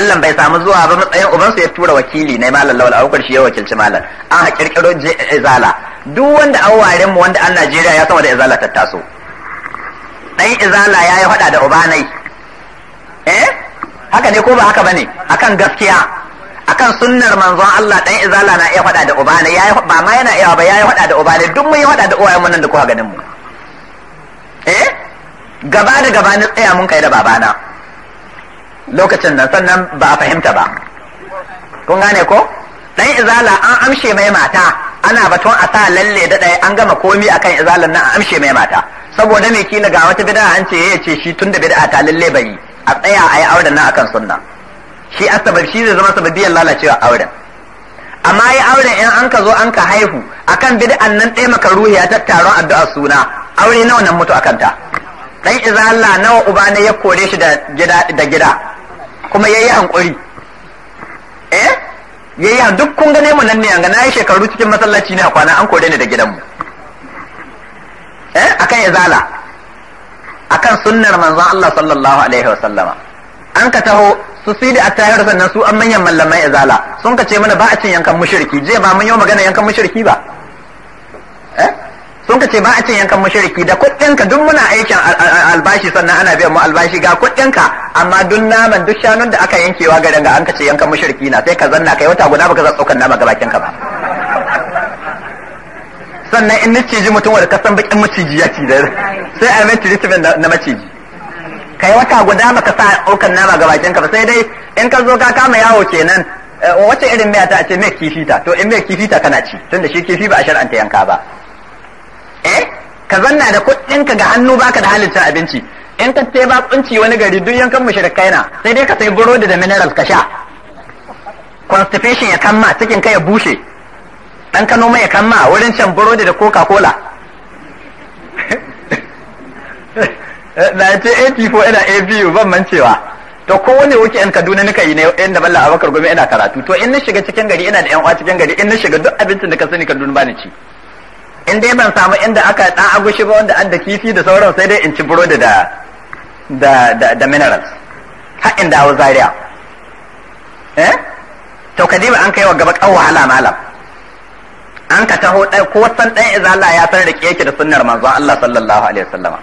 Allah bai samu zuwa ba matsayin su ya tura wakili ne malam lawal abubakar shi ya wakilci malam an ha kirkiro izala duk wanda an ware mu wanda an Najeriya ya sama da izala ta taso dan izala ya yi hada da ubanai eh haka ne ko ba haka bane akan gaskiya akan sunnar manzon Allah dan izala na iya hada da ubanai yayi ba ma yana iya ba yayi hada da ubanai duk mun yi hada da uwayen mun nan da kuka ganin mu eh gaba da gaba ni tsaya mun kai da babana lokacin nan sannan ba a fahimta ba kun gane ko dan izala an amshe mai mata ana batun a sa lalle da ɗaya an gama komi akan izalan nan an amshe mai mata saboda me kila ga wata bid'a an ce ya eh, ce shi tunda bid'a ta lalle bai a tsaya a yi auren nan akan sunna shi asabar shi zai zama sababiyar lalacewa auren amma yi auren in an ka zo an ka haihu akan bid'an nan ɗaya maka ruhi ya tattaron addu'a suna aure nawa nan mutu akan ta dan izalla nawa uba ne ya kore shi da gida da gida kuma ya yi hankuri eh ya yi duk kun gane mu nan ne an na yi shekaru cikin masallaci ne a kwana an kore ni da gidanmu eh akan izala akan sunnar manzon Allah sallallahu alaihi Wasallama an ka taho su da attahir sannan su an manyan mallamai izala sun ka ce mana ba a cin yankan mushriki je ba mun yi magana yankan mushriki ba sun ka ce ba a cin yankan mashariki da kuɗinka duk muna aikin albashi sannan ana biyan mu albashi ga kuɗinka amma duk naman duk shanun da aka yankewa garin ga an ka ce yankan mashariki na sai ka zanna kai wata guda baka tsokan nama ga bakin ka ba sannan in miciji mutum wanda kasan bakin maciji ya ci sai a mai treatment na maciji kai wata guda baka sa tsokan nama ga bakin ka ba sai dai in ka zo ka kama yawo kenan eh, wace irin miya ta ce mai kifi ta to in mai kifi ta kana ci tunda shi kifi ba a shar'anta yanka ba ka zanna da kuɗinka ga hannu baka da halin cin abinci in ka sai bakunci wani gari duk yankan shirka kaina sai dai ka sai burodi da minerals ka sha constipation ya kamma cikin ka ya bushe dan ka noma ya kamma wurin can burodi da coca cola 1984 ina abu ban mancewa to kowane wuce yan kaduna nika yi ne yan da balla abakar gome ina karatu to in na shiga cikin gari ina da yan uwa cikin gari in na shiga duk abincin da ka sani kaduna ba ni ci in dai ban samu inda aka dan agushi ba wanda da kifi da sauran sai dai in ci burodi da da da, da minerals har inda hawa zaria eh to kadiba an kai wa gaba kan wahala malam an ka taho dai ko san idan izala ya san da yake da sunnar manzo Allah sallallahu alaihi wasallama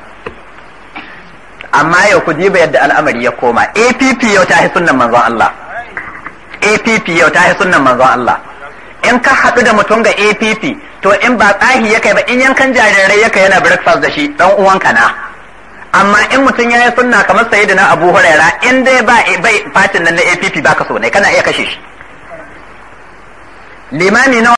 amma yau ku diba yadda al'amari ya koma APP yau ta yi sunnar manzo Allah APP yau ta yi sunnar manzo Allah in ka haɗu da mutum ga APP to in ba tsahi ya kai ba in yankan jarirai ya kai yana breakfast da shi dan uwanka na amma in mutum ya yi sunna kamar sayi da na abu huraira in dai ba bai fatin nan na app ba ka so ne kana iya kashe shi limami nawa